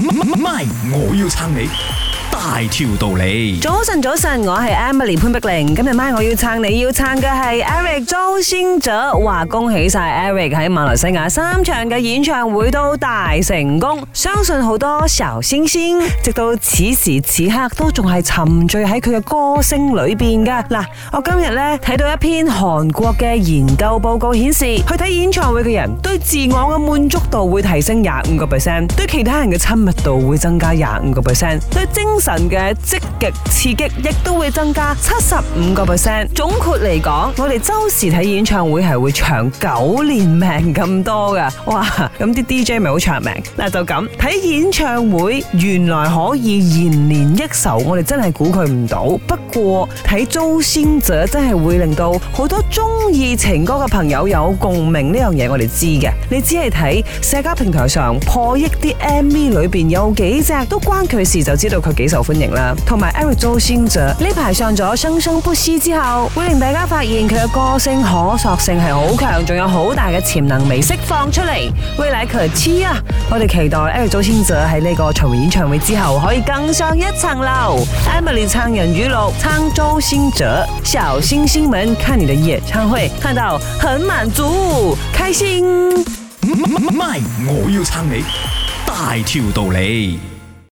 唔，唔，ai，我要撐你。大條道理，早晨早晨，我係 Emily 潘碧玲。今日晚我要撐你要撐嘅係 Eric 周興哲，話恭喜晒 Eric 喺馬來西亞三場嘅演唱會都大成功，相信好多小星星，直到此時此刻都仲係沉醉喺佢嘅歌聲裏邊噶。嗱，我今日咧睇到一篇韓國嘅研究報告顯示，去睇演唱會嘅人對自我嘅滿足度會提升廿五個 percent，對其他人嘅親密度會增加廿五個 percent，對精神人嘅積極刺激亦都會增加七十五個 percent。總括嚟講，我哋週時睇演唱會係會長九年命咁多㗎。哇！咁啲 DJ 咪好長命嗱，就咁睇演唱會原來可以延年益壽，我哋真係估佢唔到。不過睇周興哲真係會令到好多中意情歌嘅朋友有共鳴呢樣嘢，我哋知嘅。你只係睇社交平台上破億啲 MV 裏邊有幾隻，都關佢事就知道佢幾熟。歡迎啦，同埋 Eric 周興哲。呢排上咗《生生不息》之後，會令大家發現佢嘅歌聲可塑性係好強，仲有好大嘅潛能未釋放出嚟，未來可期啊！我哋期待 Eric 周興哲喺呢個巡迴演唱會之後可以更上一層樓。Emily 撐人語錄，撐周興哲，小星星們看你的演唱會，看到很滿足，開心。咪，我要撐你，大條道理。